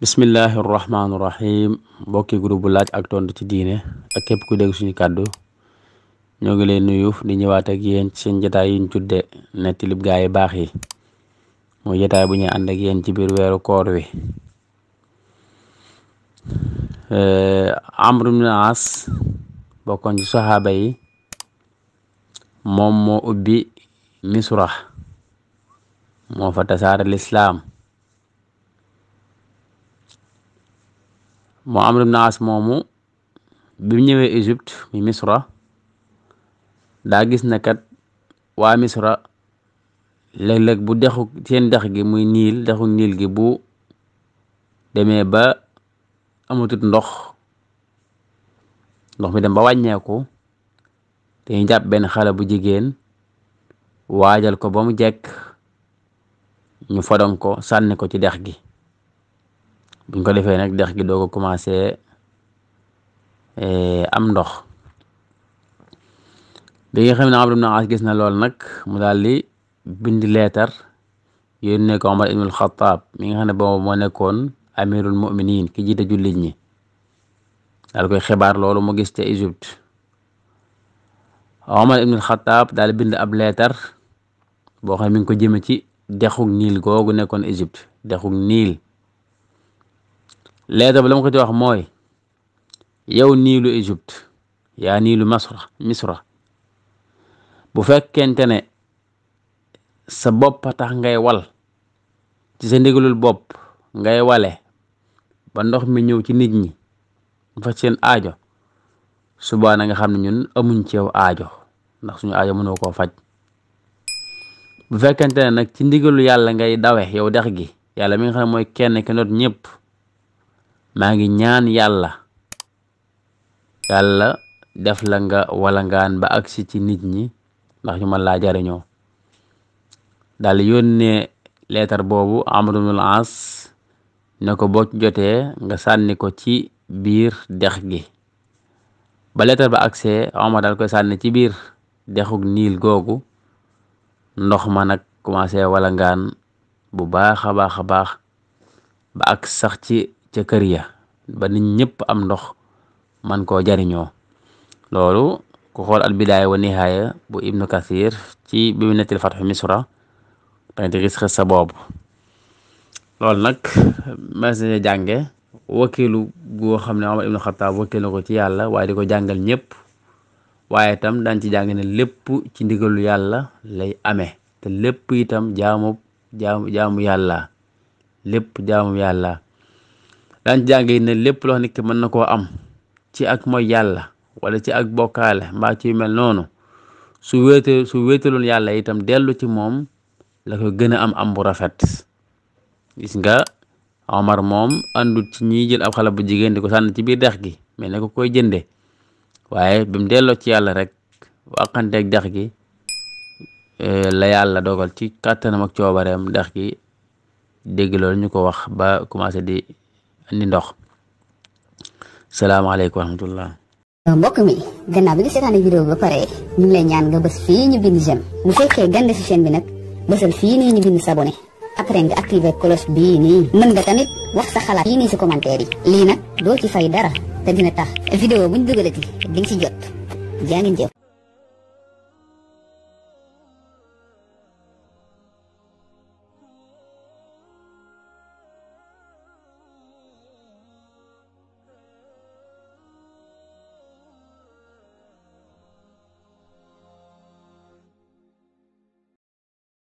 bismillahi rahmaani rahim mbokki groupe laaj ak tontu ci diine ak képp ku dégg suñu kàddu ñoo ngi leen nuyu di ñëwaat ak yéen ci seen jotaay yuñ tudde nettalib gaa yi baax yi mooy jotaay bu ñuy yéen ci biir weeru koor wi eh, Amr ibn As bokkoon saxaaba yi moom moo ubbi Misra moo fa tasaare lislaam moo am ibn As moomu bi ñëwee Égypte mi Misra daa gis na kat waa Misra léeg-léeg bu dexu seen dex gi muy niil dexu niil gi bu demee ba amatut ndox ndox mi dem ba wàññeeku dañuy jàpp benn xale bu jigéen waajal ko ba mu jekk ñu fodon ko sànni ko ci dex gi buñ ko defee nag dex gi doo ko commencé eh, am ndox bi nga xam ne Amr ibn gis na loolu nag mu daal di bind leetar yónnee ko Omar ibnul Xataab mi nga xam ne boobu moo nekkoon amirul muminin ki jiite jullit ñi daal koy xibaar loolu mu gis te Égypte Omar ibnul Xataab daal bind ab leetar boo xam ne mi ngi ko jëme ci dexug niil googu nekkoon Égypte dexug niil leeta ba la ko ci wax mooy yow niilu Égypte yaa niilu masra misra bu fekkente ne sa boppa tax ngay wal ci sa ndigalul bopp ngay wale ba ndox mi ñëw ci nit ñi mu faj seen aajo subaana nga xam ne ñun amuñ ci aajo ndax suñu aajo mënoo koo faj bu fekkente ne nag ci ndigalu yàlla ngay dawe yow dex gi yàlla mi nga xam mooy kenn ki noot ñëpp maa ngi ñaan yàlla yàlla def la nga wala ngaan ba agsi ci nit ñi ndax ñu mën laa jariñoo dal yónnee leetar boobu amru bnul as ne ko boo jotee nga sànni ko ci biir dex gi ba leetar ba agsee omar dal koy sànni ci biir dexug niil googu ndox ma nag commencé wala ngaan bu baax a baax a baax ba ak sax ci ca kër ya ba nit ñëpp am ndox man koo jariñoo loolu ku xool al bidaaya wa nihaaya bu ibnu kathir ci bi mu nettil fatxu misra danga ci gis sa boobu lool nag mas na jànge wakilu goo xam ne Omar ibnu Xataab wakil ko ci yàlla waaye di ko jàngal ñépp waaye tam daan ci jàng ne lépp ci ndigalu yàlla lay amee te lépp itam jaamu jaamu yàlla lépp jaamu yàlla daan jàng ne lépp loo xam ne mën na koo am ci ak mooy yàlla wala ci ak bokkaale mbaa ci mel noonu su wéete su wéetaloon yàlla itam dellu ci moom la ko gën a am am bu rafet gis nga Omar moom àndut ci ñiy jël ab xale bu jigéen di ko sànn ci biir dex gi mais ne ko koy jënde waaye bi mu delloo ci yàlla rek wàqanteeg dex gi eh, la yàlla dogal ci kàttanam ak coobareem dex gi dégg loolu ñu ko wax ba commencé di indi ndox salaamaaleykum wa rahmatullah mbokk mi gannaaw bi nga seetaane vidéo ba pare ñu ngi lay ñaan nga bës fii ñu bind j'aime bu fekkee gande si chaîne bi nag bësal fii nii ñu bind s'abonné après nga activer cloche bii nii mën nga tamit wax sa xalaat fii nii si commentaire yi lii nag doo ci fay dara te dina tax vidéo buñ dugalati di nga si jot jaa ngeen